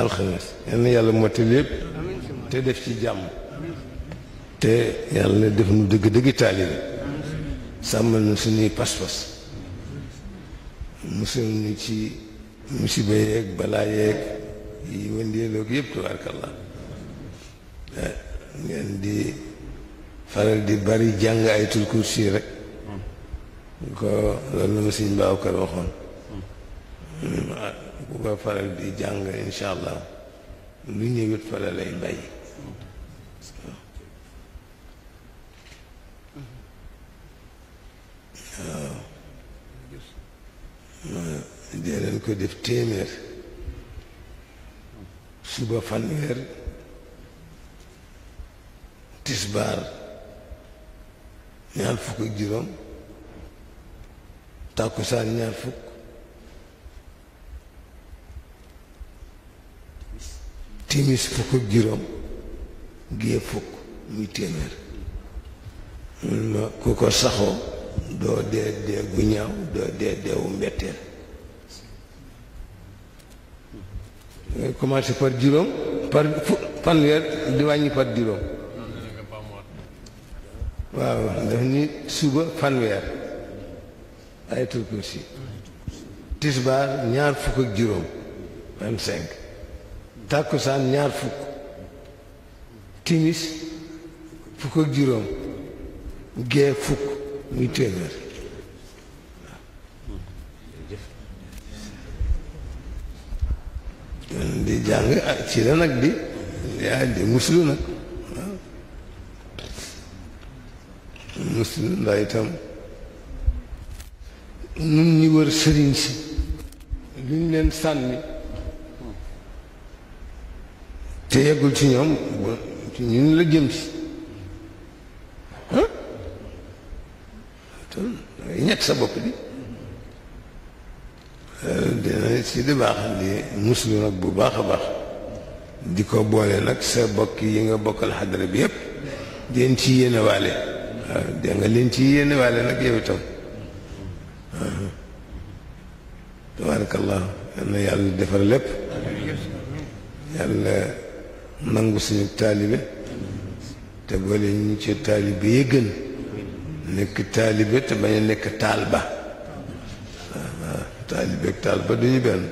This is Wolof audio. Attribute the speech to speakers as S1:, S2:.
S1: alxames yal na yàlla mottali lépp te def ci jàmm te yàlla def nu dëgg dëgg taalibe sàmmal nu suñuy pas-pas musal nu ci musiba yeeg balaa yeeg yi wëndeeloog yëpp tubaarkalla eh, ngeen di faral di bari jàng ayatul kursi rek ko loolu la ma sëñ Babacar waxoon ku ko faral jàng incha allah lu ñëwit fa la lay waaw dee leen ko def téeméer suba fanweer tisbaar ñaar fukk ak juróom tàkkusaan ñaar fukk timis fukk ak juróom gée fukk muy téeméer mun ma ku ko saxoo doo dee dee gu ñaaw doo dee deewu mbetteel ngay commencé par juróom par fanweer di wàññi par juróom waaw daf ni suba fanweer ayatul kursi tisbaar ñaar fukk ak juróom tàkkusaan ñaar fukk timis fukk ak juróom gee fukk muy téeméer di jàng ci la nag di di muslu nag muslu ndax itam nun ñi sëriñ si lu ñu leen sànni te yeggul ci ñoom ci ñun la jëm si dangay ñett sa bopp bi euh, dina si di baax di muslu nag bu baax a baax di ko boole nag sa bokk yi nga bokkal xadara bi yépp den ci yéene waale waaw nga leen ci yéene waale nag yow itam tabaarakallahu yal na yàlla defar lépp yàlla nangu suñu taalibe te boole ñu ci taalibe yi gën nekk taalibe te bañ a nekk taal ba waaw taalibe ak taal ba du ñu benn